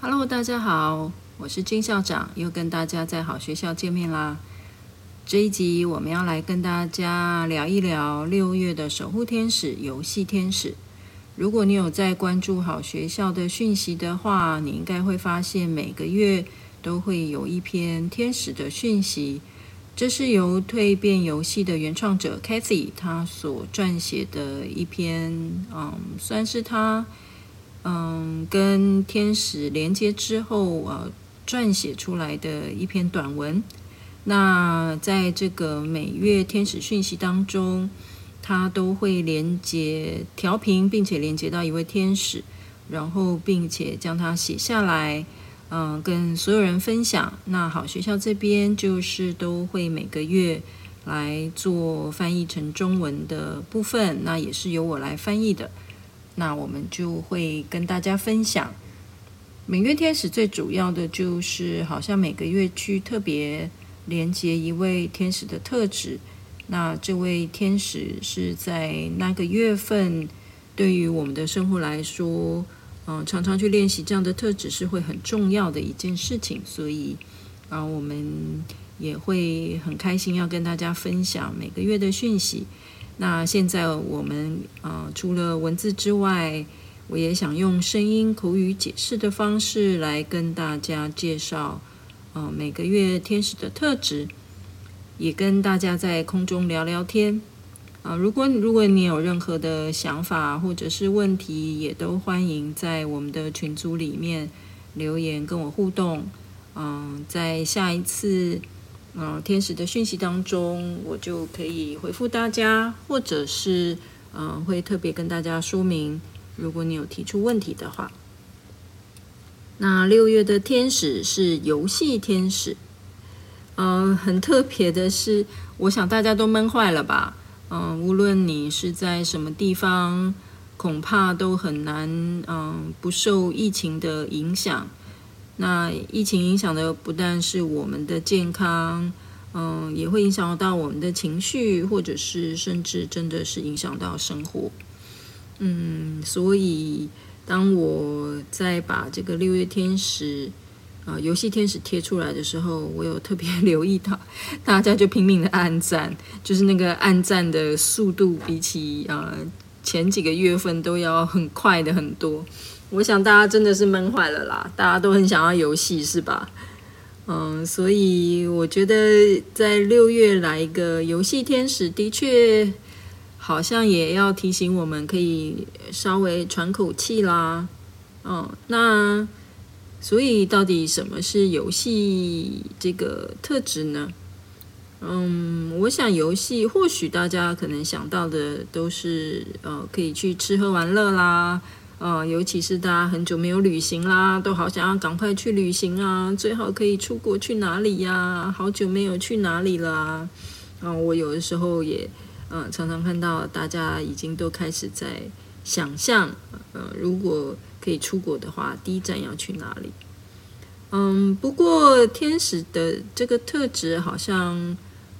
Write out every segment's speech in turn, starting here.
Hello，大家好，我是金校長，又跟大家在好學校見面啦。這一集我們要來跟大家聊一聊六月的守護天使、遊戲天使。如果你有在關注好學校的訊息的話，你應該會發現每個月都會有一篇天使的訊息，這是由蛻變遊戲的原創者 Kathy 她所撰寫的一篇，嗯，算是她。嗯，跟天使連接之後，呃，撰寫出來的一篇短文。那在這個每月天使訊息當中，他都會連接調頻，並且連接到一位天使，然後並且將它寫下來，嗯，跟所有人分享。那好學校這邊就是都會每個月來做翻譯成中文的部分，那也是由我來翻譯的。那我們就會跟大家分享，每月天使最主要的就是，好像每個月去特別連接一位天使的特質。那這位天使是在那個月份，對於我們的生活來說，嗯，常常去練習這樣的特質是會很重要的一件事情。所以，啊，我們也會很開心要跟大家分享每個月的訊息。那現在我們啊、呃，除了文字之外，我也想用聲音、口語解釋的方式來跟大家介紹，啊、呃，每個月天使的特質，也跟大家在空中聊聊天。啊、呃，如果如果你有任何的想法或者是問題，也都歡迎在我們的群組裡面留言跟我互動。嗯、呃，在下一次。嗯、呃，天使的訊息當中，我就可以回復大家，或者是嗯、呃，會特別跟大家說明。如果你有提出問題的話，那六月的天使是遊戲天使。呃，很特別的是，我想大家都悶壞了吧？嗯、呃，無論你是在什麼地方，恐怕都很難嗯、呃，不受疫情的影響。那疫情影響的不但是我們的健康，嗯，也會影響到我們的情緒，或者是甚至真的是影響到生活。嗯，所以當我在把這個六月天使啊、呃、遊戲天使貼出來的時候，我有特別留意到，大家就拼命的按讚，就是那個按讚的速度比起呃前幾個月份都要很快的很多。我想大家真的是悶壞了啦！大家都很想要遊戲，是吧？嗯，所以我覺得在六月來一個遊戲天使，的確好像也要提醒我們可以稍微喘口氣啦。哦、嗯，那所以到底什麼是遊戲這個特質呢？嗯，我想遊戲或許大家可能想到的都是呃、嗯，可以去吃喝玩樂啦。呃，尤其是大家很久沒有旅行啦，都好想要趕快去旅行啊！最好可以出國去哪裡呀？好久沒有去哪裡啦、啊。啊、呃！我有的時候也嗯、呃，常常看到大家已經都開始在想象呃，如果可以出國的話，第一站要去哪裡？嗯，不過天使的這個特質好像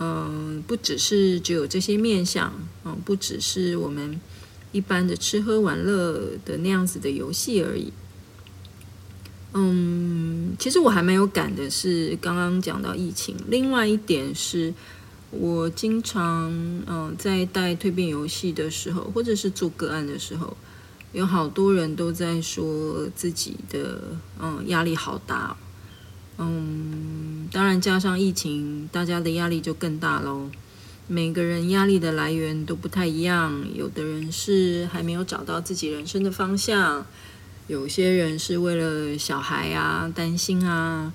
嗯、呃、不只是只有這些面相，嗯、呃、不只是我們。一般的吃喝玩樂的那樣子的遊戲而已。嗯，其實我還蠻有感的，是剛剛講到疫情。另外一點是，我經常嗯在帶蛻變遊戲的時候，或者是做個案的時候，有好多人都在說自己的嗯壓力好大哦。嗯，當然加上疫情，大家的壓力就更大嘍。每個人壓力的來源都不太一樣，有的人是還沒有找到自己人生的方向，有些人是為了小孩啊擔心啊，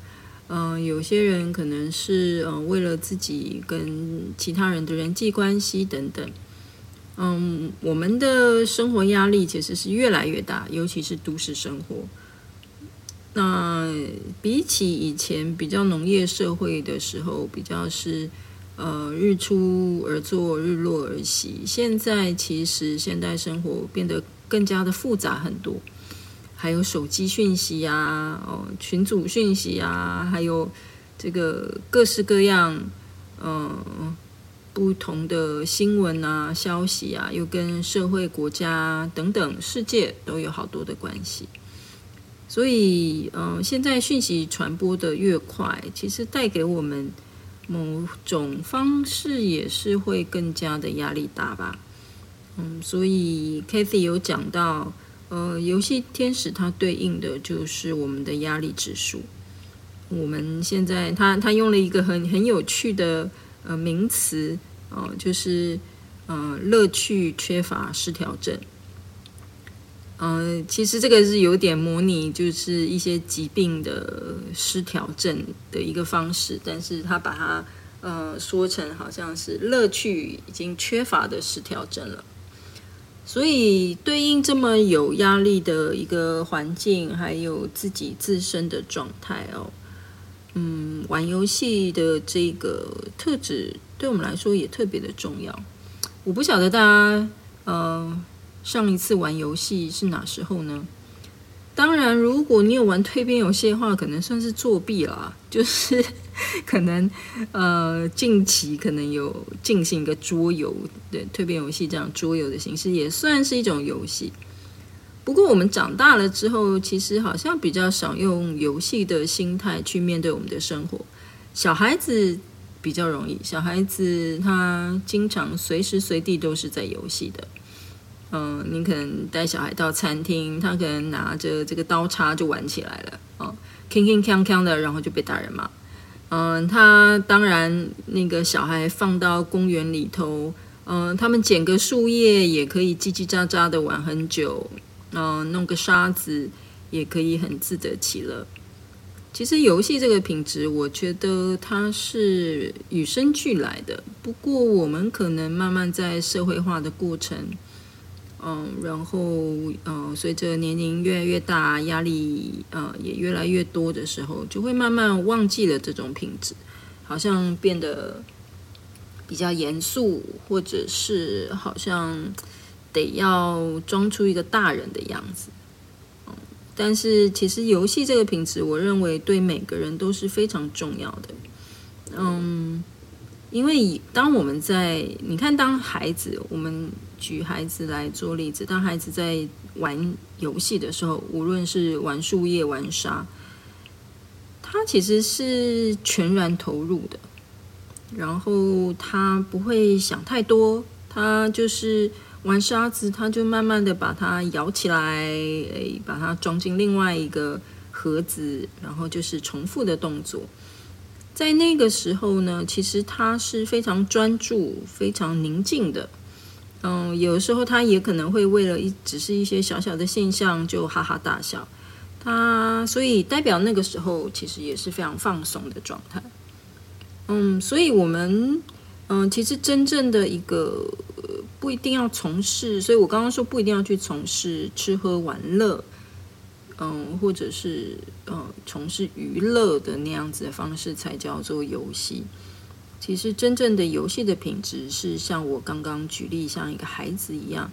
嗯，有些人可能是嗯為了自己跟其他人的人際關係等等。嗯，我們的生活壓力其實是越來越大，尤其是都市生活。那比起以前比較農業社會的時候，比較是。呃，日出而作，日落而息。現在其實現代生活變得更加的複雜很多，還有手機訊息啊，哦、呃，群組訊息啊，還有這個各式各樣，嗯、呃，不同的新聞啊，消息啊，又跟社會、國家等等、世界都有好多的關係。所以，嗯、呃，現在訊息傳播的越快，其實帶給我們。某種方式也是會更加的壓力大吧，嗯，所以 Kathy 有講到，呃，遊戲天使它對應的就是我們的壓力指數。我們現在，他它用了一個很很有趣的呃名詞哦，呃，就是呃，樂趣缺乏失調症。嗯，其實這個是有點模擬，就是一些疾病的失調症的一個方式，但是他把它呃說成好像是樂趣已經缺乏的失調症了。所以對應這麼有壓力的一個環境，還有自己自身的狀態哦，嗯，玩遊戲的這個特質對我們來說也特別的重要。我不曉得大家呃。上一次玩遊戲是哪時候呢？當然，如果你有玩蛻變遊戲的話，可能算是作弊啦。就是可能呃，近期可能有進行一個桌遊，對，蛻變遊戲這樣桌遊的形式也算是一種遊戲。不過我們長大了之後，其實好像比較少用遊戲的心態去面對我們的生活。小孩子比較容易，小孩子他經常隨時隨地都是在遊戲的。嗯，你可能帶小孩到餐廳，他可能拿着這個刀叉就玩起來了，哦、嗯，鏘鏘鏘鏘的，然後就被大人罵。嗯，他當然那個小孩放到公園裡頭，嗯，他們撿個樹葉也可以嘰嘰喳喳的玩很久，嗯，弄個沙子也可以很自得其樂。其實遊戲這個品質，我覺得它是與生俱來的，不過我們可能慢慢在社會化的過程。嗯，然後嗯，隨着年齡越來越大，壓力呃，嗯，也越來越多的時候，就會慢慢忘記了這種品質，好像變得比較嚴肅，或者是好像得要裝出一個大人的樣子。嗯，但是其實遊戲這個品質，我認為對每個人都是非常重要的。嗯，因為當我們在你看，當孩子我們。舉孩子來做例子，當孩子在玩遊戲的時候，無論是玩樹葉、玩沙，他其實是全然投入的。然後他不會想太多，他就是玩沙子，他就慢慢的把它搖起來，哎，把它裝進另外一個盒子，然後就是重複的動作。在那個時候呢，其實他是非常專注、非常寧靜的。嗯，有時候他也可能會為了一只是一些小小的現象就哈哈大笑。他所以代表那個時候其實也是非常放鬆的狀態。嗯，所以我們嗯，其實真正的一個不一定要從事，所以我剛剛說不一定要去從事吃喝玩樂，嗯，或者是嗯從事娛樂的那樣子的方式才叫做遊戲。其實，真正的遊戲的品質是像我剛剛舉例，像一個孩子一樣。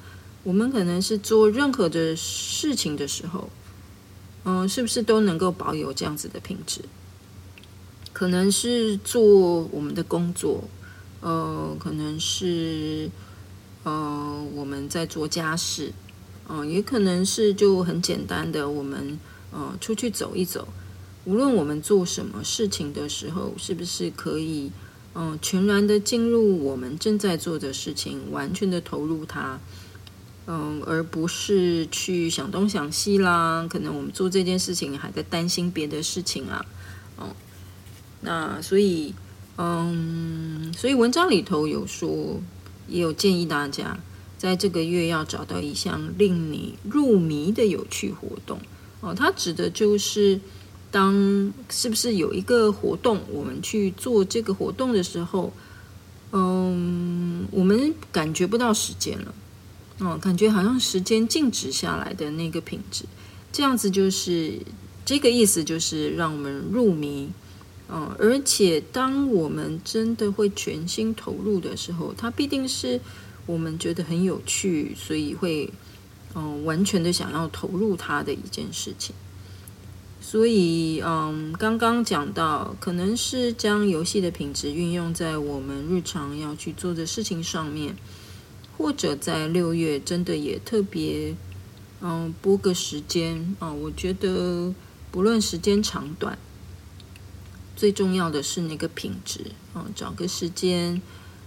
我們可能是做任何的事情的時候，嗯、呃，是不是都能夠保有這樣子的品質？可能是做我們的工作，呃，可能是呃我們在做家事，嗯、呃，也可能是就很簡單的我們呃出去走一走。無論我們做什麼事情的時候，是不是可以？嗯，全然的進入我們正在做的事情，完全的投入它，嗯，而不是去想東想西啦。可能我們做這件事情還在擔心別的事情啊，哦、嗯，那所以，嗯，所以文章裡頭有說，也有建議大家在這個月要找到一項令你入迷的有趣活動。哦、嗯，它指的就是。當是不是有一個活動，我們去做這個活動的時候，嗯，我們感覺不到時間了，嗯，感覺好像時間靜止下來的那個品質，這樣子就是這個意思，就是讓我們入迷，嗯，而且當我們真的會全心投入的時候，它必定是我們覺得很有趣，所以會嗯完全的想要投入它的一件事情。所以，嗯，剛剛講到，可能是將遊戲的品質運用在我們日常要去做的事情上面，或者在六月真的也特別，嗯，撥個時間啊，嗯。我覺得不論時間長短，最重要的是那個品質。嗯，找個時間，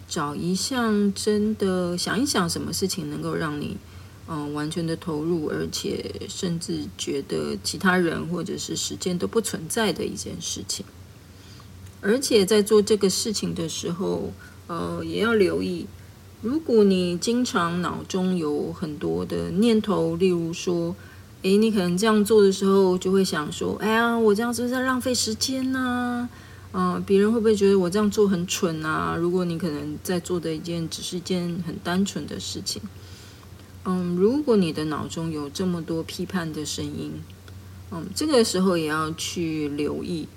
找一項真的想一想，什麼事情能夠讓你。嗯、呃，完全的投入，而且甚至覺得其他人或者是時間都不存在的一件事情。而且在做這個事情的時候，呃，也要留意。如果你經常腦中有很多的念頭，例如說，誒，你可能這樣做的時候就會想說，哎呀，我這樣是不是在浪費時間呢？啊。嗯、呃，別人會不會覺得我這樣做很蠢啊？如果你可能在做的一件只是一件很單純的事情。嗯，如果你的腦中有這麼多批判的聲音，嗯，這個時候也要去留意，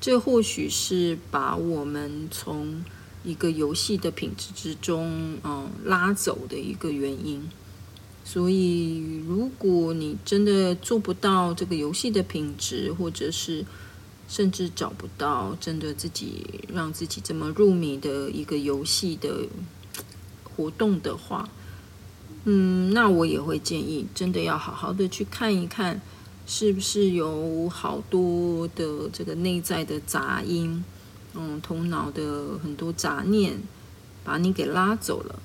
這或許是把我們從一個遊戲的品質之中，嗯，拉走的一個原因。所以，如果你真的做不到這個遊戲的品質，或者是甚至找不到真的自己讓自己這麼入迷的一個遊戲的活動的話，嗯，那我也會建議，真的要好好的去看一看，是不是有好多的這個內在的雜音，嗯，頭腦的很多雜念，把你給拉走了。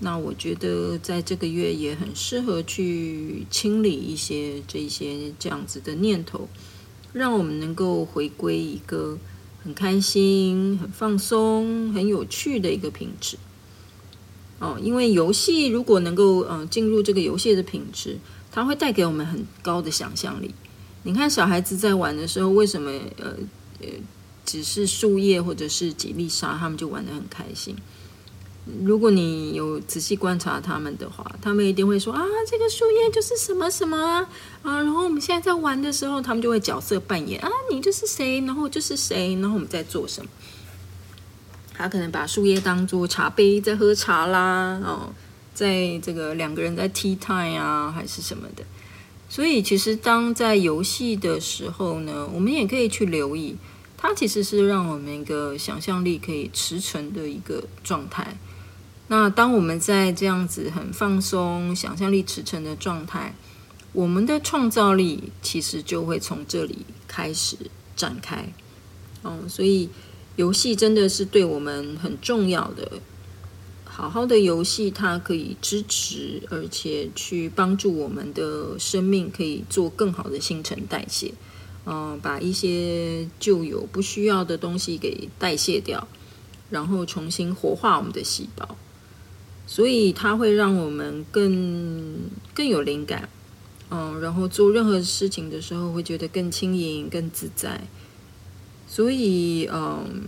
那我覺得在這個月也很適合去清理一些這些這樣子的念頭，讓我們能夠回歸一個很開心、很放鬆、很有趣的一個品質。哦，因為遊戲如果能夠嗯、呃、進入這個遊戲的品質，它會帶給我們很高的想象力。你看小孩子在玩的時候，為什麼呃呃只是樹葉或者是幾粒沙，他們就玩得很開心？如果你有仔細觀察他們的話，他們一定會說啊，這個樹葉就是什麼什麼啊，然後我們現在在玩的時候，他們就會角色扮演啊，你就是誰，然後就是誰，然後我們在做什麼。他可能把樹葉當做茶杯在喝茶啦，哦，在這個兩個人在 tea time 啊，還是什麼的。所以，其實當在遊戲的時候呢，我們也可以去留意，它其實是讓我們一個想象力可以馳騁的一個狀態。那當我們在這樣子很放鬆、想象力馳騁的狀態，我們的創造力其實就會從這裡開始展開。嗯、哦，所以。遊戲真的是對我們很重要的，好好的遊戲，它可以支持，而且去幫助我們的生命，可以做更好的新陳代謝。嗯，把一些舊有不需要的東西給代謝掉，然後重新活化我們的細胞，所以它會讓我們更更有靈感。嗯，然後做任何事情的時候，會覺得更輕盈、更自在。所以，嗯，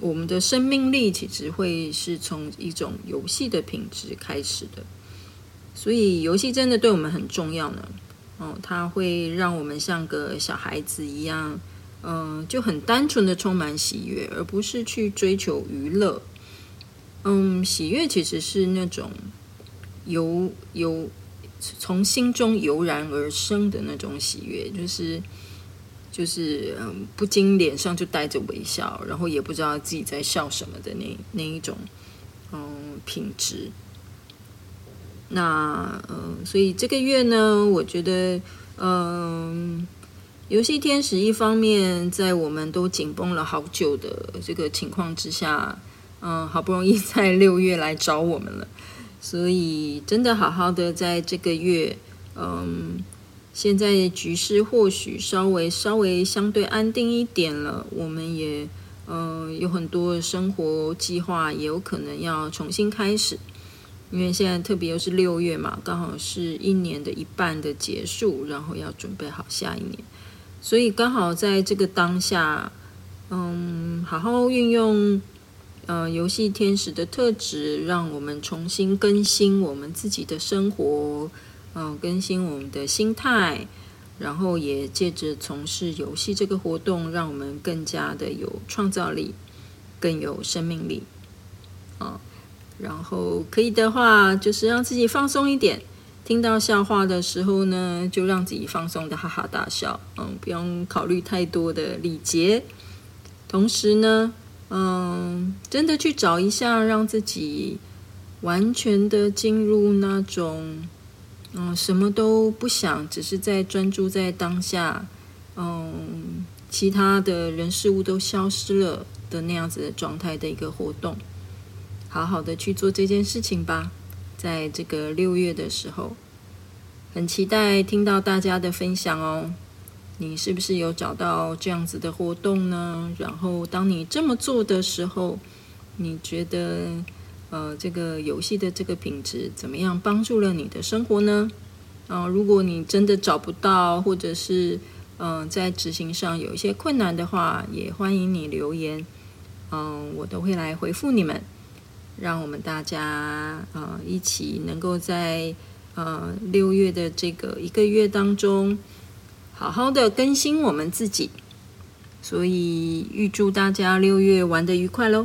我們的生命力其實會是從一種遊戲的品質開始的。所以，遊戲真的對我們很重要呢。哦，嗯，它會讓我們像個小孩子一樣，嗯，就很單純的充滿喜悅，而不是去追求娛樂。嗯，喜悅其實是那種由由從心中油然而生的那種喜悅，就是。就是嗯，不禁臉上就帶着微笑，然後也不知道自己在笑什麼的那那一種，嗯，品質。那嗯，所以這個月呢，我覺得嗯，遊戲天使一方面在我們都緊繃了好久的這個情況之下，嗯，好不容易在六月來找我們了，所以真的好好的在這個月，嗯。現在局勢或許稍微稍微相對安定一點了，我們也呃有很多生活計劃也有可能要重新開始，因為現在特別又是六月嘛，剛好是一年的一半的結束，然後要準備好下一年，所以剛好在這個當下，嗯，好好運用呃遊戲天使的特質，讓我們重新更新我們自己的生活。嗯，更新我們的心態，然後也借着從事遊戲這個活動，讓我們更加的有創造力，更有生命力。嗯，然後可以的話，就是讓自己放鬆一點。聽到笑話的時候呢，就讓自己放鬆的哈哈大笑。嗯，不用考慮太多的禮節。同時呢，嗯，真的去找一下，讓自己完全的進入那種。嗯，什麼都不想，只是在專注在當下，嗯，其他的人事物都消失了的那樣子的狀態的一個活動，好好的去做這件事情吧。在這個六月的時候，很期待聽到大家的分享哦。你是不是有找到這樣子的活動呢？然後，當你這麼做的時候，你覺得……呃，這個遊戲的這個品質怎麼樣幫助了你的生活呢？嗯、呃，如果你真的找不到，或者是嗯、呃，在執行上有一些困難的話，也歡迎你留言，嗯、呃，我都會來回覆你們。讓我們大家呃一起能夠在呃六月的這個一個月當中，好好的更新我們自己。所以預祝大家六月玩得愉快嘍！